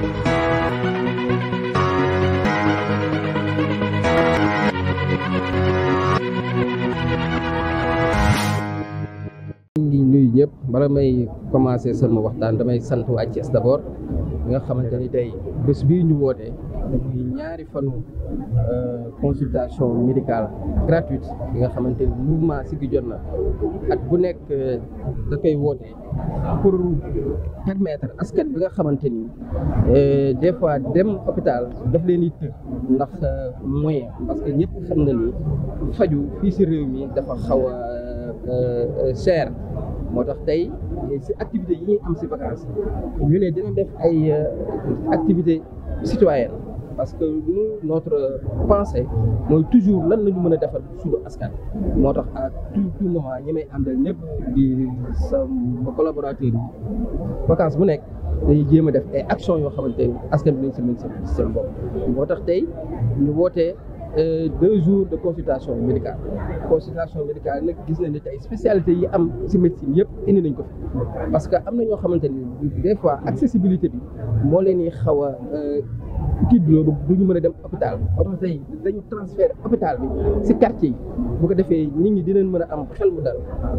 ngi nuyu ñëpp bala may commencer sama waxtaan damay sant waa Thiès d'abord nga xamante ni tey bés bii ñu woote muy ñaari fanu euh, consultation médicale gratuite bi nga xamante ni mouvement Siggi na ak bu nekk euh, da koy woote pour permettre askan bi nga xamante ni euh, des fois dem hôpital daf leen di të ndax moyen parce que ñëpp xam na ni faju fii si réew mi dafa xaw a cher moo tax tey si activité yi ñuy am si vacances ñu ne dina def ay activité citoyenne parce que nous notre pensée mooy toujours lan la ñu mën a defar sur askan moo tax à tout tout moment ñi may àndal ñëpp di sa collaborateur yi vacance bu nekk dañuy jéem a def ay action yoo xamante ni askan bi nañ si seen bopp moo tax tey ñu wootee euh, deux jours de consultation médicale consultation médicale nag gis nañ ne tey spécialité yi am ci médecine yëpp indi nañ ko fi parce que am na ñoo xamante ni des accessibilité bi moo leen di xaw a euh, tiitloo ba du ñu mën a dem hôpital moo tax tey dañu transfert hôpital bi si quartier yi bu ko defee nit ñi dinañ mën a am xel mu dal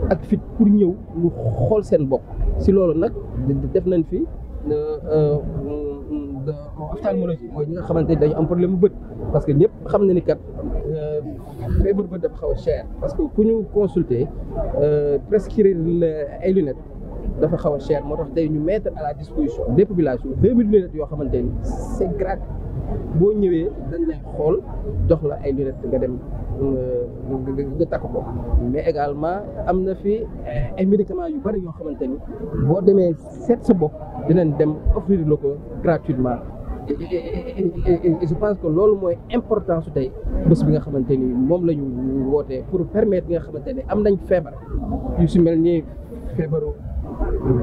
ak fit pour ñëw ñu xool seen bopp si loolu nag def nañ fi euh, euh, euh, ophtalmologie mooy ñi nga xamante ni dañu am problème mu bët parce que ñëpp xam na ni kat feebar bët def xaw a cher parce que ku ñu consulter prescrire ay lunettes dafa xaw a moo tax tey ñu mettre à la disposition des populations deux mille lunettes yoo xamante ni c' boo ñëwee dañ lay xool jox la ay lunettes nga dem euh, nga takk ko mais également am na fi ay médicaments yu bari yoo xamante ni boo demee seet sa bopp dinañ dem offrir la ko gratuitement Et, et, que loolu mooy importance su tey bés bi nga xamante ni moom la ñu wootee pour permettre nga xamante ne am nañ feebar yu si mel nii feebaru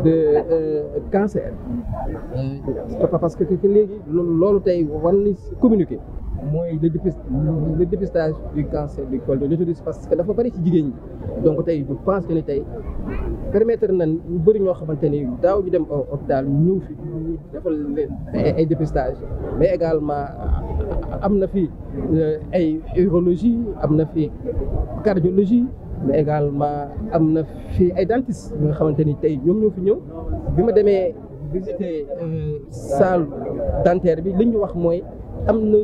de euh, cancer euh, parce que léegi loolu tey war ni communiquer mooy le dépist le dépistage du cancer du col de l'utérus parce que dafa bari ci jigéen ñi donc tey je pense que tey permettre na ñu bëri ñoo xamante ni daaw ñu dem hôpital ñëw fi ñu defal leen ay dépistage mais également am na fi euh, ay urologie am na fi cardiologie mais également am na fi ay dentiste yi nga xamante ni tey ñoom ñoo fi ñëw bi ma demee visiter euh, salle dentaire bi li ñu wax mooy am na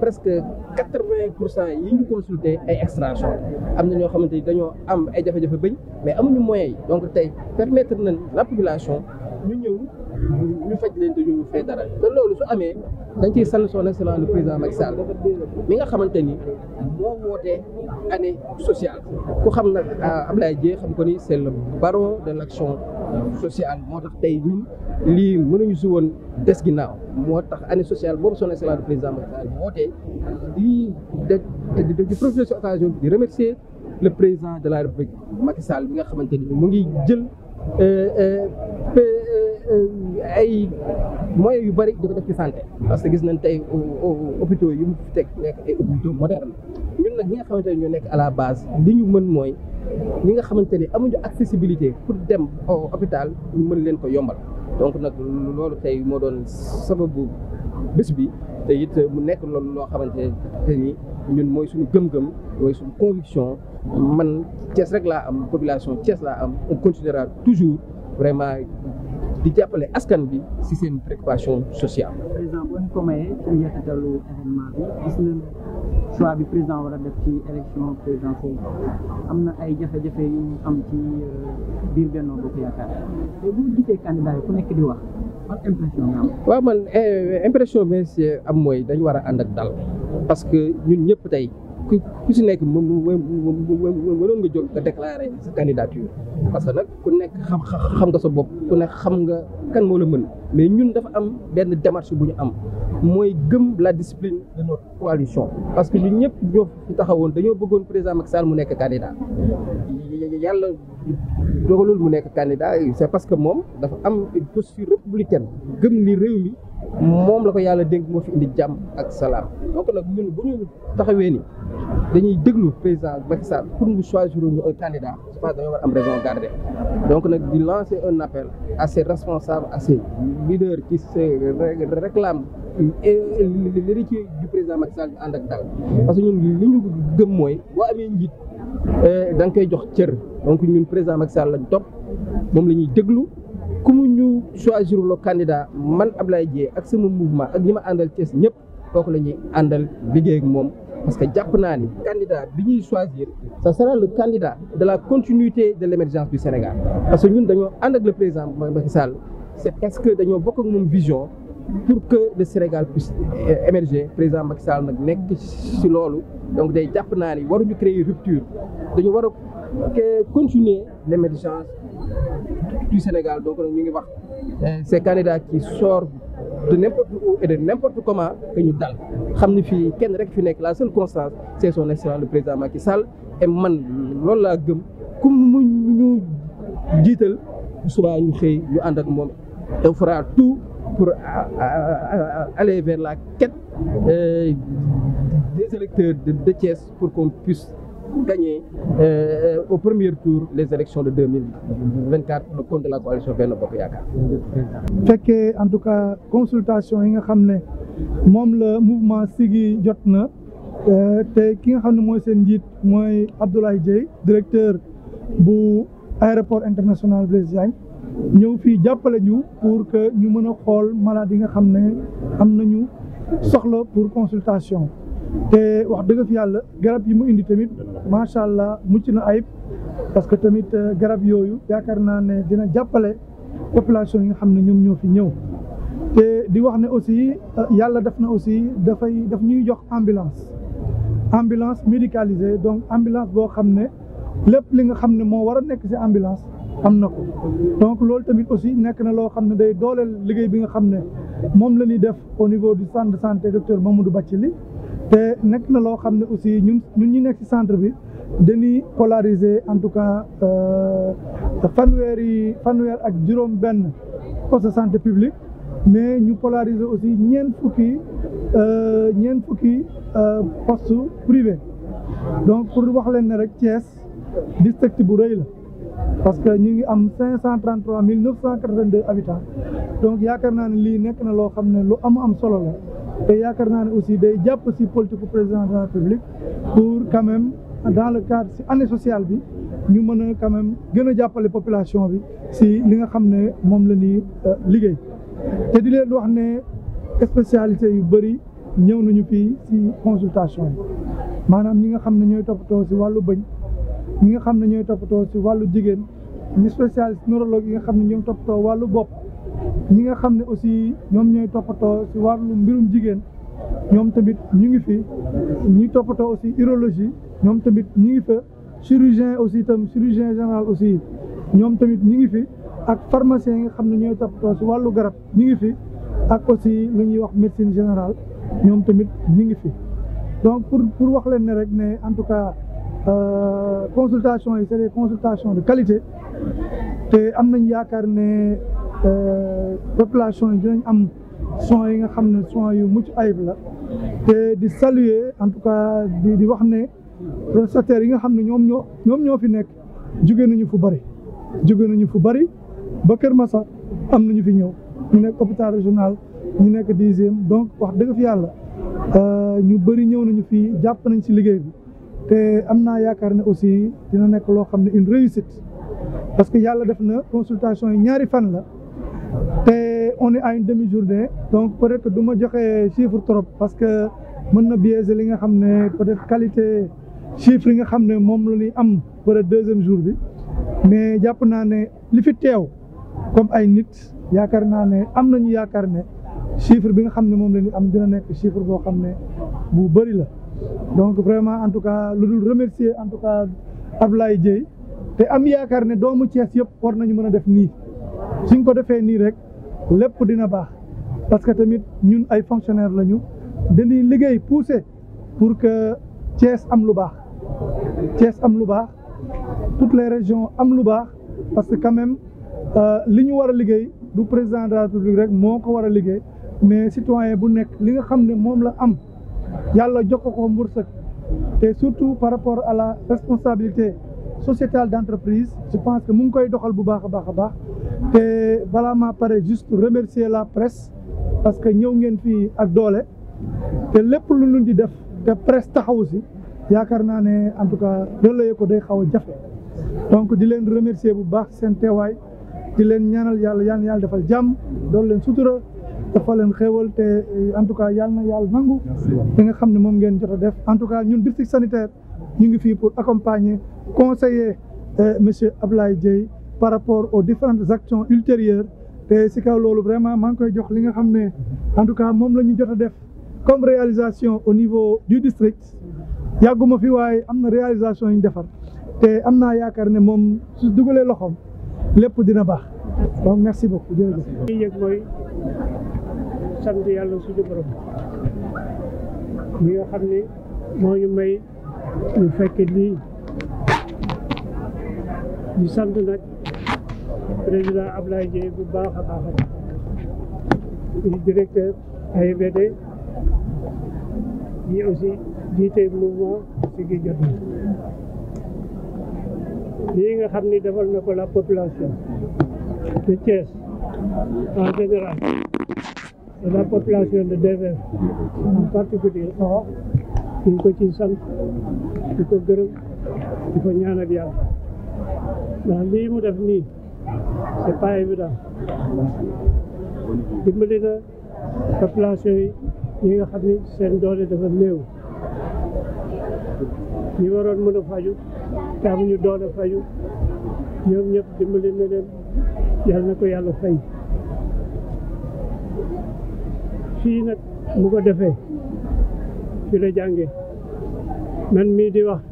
presque quatre vingt pour cent yi ñu consulté ay extraction am na ñoo xamante ni dañoo am ay jafe-jafe bëñ mais amuñu moyens yi donc tey permettre nañ la population ñu ñëw. ñu faj leen te ñu loolu su amee dañ ciy sant son excellence le président Macky Sall mi nga xamante ni moo wootee année sociale ku xam nag ah, Abdoulaye Dièye xam ko ni c'est le baron de l'action sociale moo tax tey ñun lii mënuñu si woon des ginnaaw moo tax année sociale boobu son excellence le président Macky Sall wootee di di di profiter si di remercier le président de la République Macky Sall bi nga xamante ni mu ngi jël euh, euh, Euh, ay moyens yu bëri di ko def ci santé parce que gis nañ tey hôpitaux yu mu fi teg nekk ay hôpitaux moderne ñun nag ñi nga xamante ne ñu nekk à la base li ñu mën mooy ñi nga xamante ne amuñu accessibilité pour dem au hôpital mën leen ko yombal donc nag loolu tey moo doon sababu bés bi te it mu nekk loolu loo xamante ne ni ñun mooy suñu gëm-gëm mooy suñu conviction man Thiès rek laa am population Thiès laa am on toujours vraiment di jàppale askan bi si seen préoccupation sociale. président boo ñu ko mayee gis nañu choix bi président war a def ci élection présidentielle am na ay jafe-jafe yu am ci euh, biir Benno Bokk Yaakaar te bu gisee candidat yi ku nekk di wax am. waaw man eh, impression bi am mooy dañu war a ànd ak dal parce que ñun ñëpp tey. ku si nekk moom mënoon nga jóg nga déclarer sa candidature parce que nag ku nekk xam xam nga sa bopp ku nekk xam nga kan moo la mën mais ñun dafa am benn démarche bu ñu am mooy gëm la discipline de notre coalition. que ñun ñëpp ñoo taxawoon dañoo bëggoon président Macky Sall mu nekk candidat yàlla dogalul mu nekk candidat c'est parce que moom dafa am une posture républicaine gëm réew mi moom la ko yàlla dénk moo fi indi jàmm ak salaam donc nag ñun bu ñu taxawee ni dañuy déglu président Macky Sall pour mu choisir ñu un candidat je pense dañoo war am raison garder donc nag di lancer un appel à ses responsables à ses leaders qui se réclament l'héritier du parce que ñun li ñu gëm mooy boo amee njiit eh, da nga koy jox cër donc ñun président Macky Sall lañ topp moom la ñuy déglu ku ñu choisir le candidat man Ablaye Dieng ak sama mouvement ak ñi ma àndal Thiès ñëpp kooku la ñuy àndal liggéey moom parce que jàpp naa ni candidat bi ñuy choisir ça sera le candidat de la continuité de l' émergence du Sénégal parce que ñun dañoo ànd ak le président Macky Sall c' est parce que dañoo bokk ak moom vision pour que le Sénégal puisse euh, émerger président Macky Sall nag nekk ci loolu donc day jàpp naa ni waruñu créer rupture dañu war a continuer l' émergence du Sénégal donc nag ñu ngi wax euh, ces candidats qui sortent de n'importe où et de n'importe comment que ñu dal xam ni fii kenn rek fi nekk la seule constance c'est son excellence le président Macky Sall et man loolu laa gëm ku mu ñu jiital suba ñu xëy ñu ànd ak moom on fera tout pour euh, euh, aller vers la quête euh, des électeurs de Thiès pour qu'on puisse gagné euh, au première tour les élections de 2024 le compte de la coalition Benno Bokk Yaakaar. fekkee en tout cas consultation yi nga xam ne moom la mouvement Siggi jot na euh, te ki nga xam ne mooy seen njiit mooy Abdoulaye Dieye directeur bu aéroport international Blaise Diagne ñëw fii jàppale ñu pour que ñu mën a xool malade yi nga xam ne am nañu soxla pour consultation. te wax dëgg fi yàlla garab yi mu indi tamit macha allah mucc na ayib parce que tamit euh, garab yooyu yaakaar naa ne dina jàppale population yi nga xam ne ñoom ñoo fi ñëw. te di wax ne aussi euh, yàlla def na aussi dafay daf ñuy jox ambulance ambulance médicalisée donc ambulance boo xam ne lépp li nga xam ne moo war a nekk ci ambulance am na ko donc loolu tamit aussi nekk na loo xam ne day dooleel liggéey bi nga xam ne moom la ñuy def au niveau du centre de santé docteur Mamadou li te nekk na loo xam ne aussi ñun ñun ñu nekk ci centre bi dañuy polariser en tout cas euh, fanweer yi fanweer ak juróom benn poste de santé publique mais ñu polariser aussi ñeent fukki euh, ñeent fukki euh, poste privé donc pour wax leen ne rek Thiès district bu rëy la parce que ñu ngi am cinq cent trente trois mille neuf cent quatre vingt deux habitants donc yaakaar naa ne lii nekk na loo xam ne lu am am solo la te yaakaar naa ne aussi day jàpp si politique u président de République pour quand même dans le cadre si année social bi ñu mën a quand même gën a jàppale population bi si li nga xam ne moom la ñuy euh, liggéey te di leen wax ne spécialité yu bëri ñëw nañu fii si consultation yi maanaam ñi nga xam ne ñooy toppatoo si wàllu bëñ ñi nga xam ne ñooy toppatoo si wàllu jigéen ñu spécialiste neurologue yi nga xam ne ñoom toppatoo wàllu bopp ñi nga xam ne aussi ñoom ñooy toppatoo si wàllu mbirum jigéen ñoom tamit ñu ngi fi ñi toppatoo aussi urologie ñoom tamit ñu ngi fa chirurgien aussi tam chirurgien général aussi ñoom tamit ñu ngi fi ak pharmacien yi nga xam ne ñooy toppatoo si wàllu garab ñu ngi fi ak aussi lu ñuy wax médecine générale ñoom tamit ñu ngi fi donc pour pour wax leen ne rek ne en tout cas euh, consultation yi c'est des consultations de qualité te am nañ yaakaar ne Euh, population yi dinañ am soins yi nga xam ne soins yu mucc ayib la te di saluer en tout cas di wax ne prestataires yi nga xam ne ñoom ñoo ñoom ñoo fi nekk jóge nañu fu bari jóge nañu fu bari ba Kër Massa am nañu fi ñëw ñu nekk hôpital régional ñu nekk dixième donc wax dëgg fi yàlla euh, ñu bëri ñëw nañu fii jàpp nañ si liggéey bi te am naa yaakaar ne aussi dina nekk loo xam ne une réussite parce que yàlla def na consultation yi ñaari fan la te on est à jour demi-journée donc peut-être du ma joxe chiffre trop parce que mën na biaiser li nga xam ne peut-être qualité chiffre yi nga xam ne moom la ñuy am peut deuxième jour bi mais jàpp naa ne li fi teew comme ay nit yaakaar naa ne am nañu yaakaar ne chiffre bi nga xam ne moom la ñuy am dina nekk chiffre boo xam ne bu bëri la donc vraiment en tout cas lu dul remercier en tout cas Ablaye Dieye te am yaakaar ne doomu Thiès yëpp war nañu mën a def nii suñ ko defee nii rek lépp dina baax parce que tamit ñun ay fonctionnaire lañu dañuy liggéey pousser pour que Thiès am lu baax cees am lu baax toutes les régions am lu baax parce que quand même euh, li ñu war a liggéey du président de République rek moo ko war a liggéey mais citoyen bu nekk li nga xam ne moom la am yàlla jox ko ko mbërsëg te surtout par rapport à la responsabilité sociétale d'entreprise je pense que mu ngi koy doxal bu baax a baax a baax te balaa maa pare juste remercier la presse parce que ñëw ngeen fii ak doole te lépp lu ñu di def te presse taxawu si yaakaar naa ne en tout cas relayer ko day xaw a jafe donc di leen remercier bu baax seen teewaay di leen ñaanal yàlla yal na yàlla defal jàmm dool leen sutura dafa leen xéewal te en tout cas yal na yàlla nangu. li nga xam ne moom ngeen jot a def en tout cas ñun district sanitaire. ñu ngi fii pour accompagner conseiller euh, monsieur Ablaye Dieye par rapport aux différentes actions ultérieures te si kaw loolu vraiment maa ngi koy jox li nga xam ne en tout cas moom la ñu jot a def comme réalisation au niveau du district yàgguma fi waaye am na réalisation yu defar te am naa yaakaar ne moom su dugalee loxoom lépp dina baax donc merci beaucoup jërëjëf. li ñuy yëg mooy yàlla suñu ñu fekke lii ñu sant nag président Ablaye Dieye bu baax a baax di directeur AIBD yi aussi jiite mouvement Siggi Jotna lii nga xam ni defal na ko la population de Thiès en général la population de DVF en particulier ñu ko ciy sant di ko gërëm di ko ñaanal yàlla ndax lii mu def nii c'est pas évident dimbali na population yi ñi nga xam ni seen doole dafa néew ñi waroon mën a faju te amuñu doole faju ñoom ñëpp dimbali na leen yàlla na ko yàlla fay fii nag mu ko defee fi la man mii di wax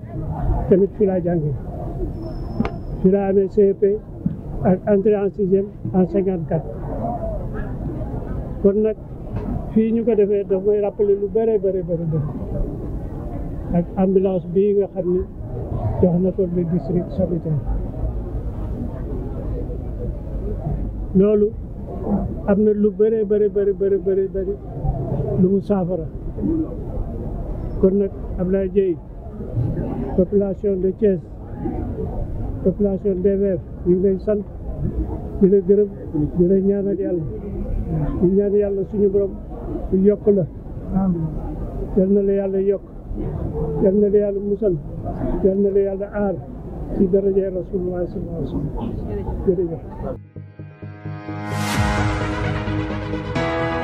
tamit fi laa jàngee fi laa amee e en sixième en cinquante quatre kon nag fii ñu ko defee daf may rappeler lu bëree bare bëri ak bi bii nga xam ni jox na district sanitaire loolu am na lu bëree bëri bëri bëri bëri lu mu saafara kon nag Ablaye Dieye population de Thiès population DVF ñu ngi lay sant di la ñaan di la yàlla ñaan yàlla suñu borom yokk la yal na la yokk yal na la yàlla musal yal na la yàlla aar ci daraja Rasulullah sallallahu alayhi wa sallam jërëjëf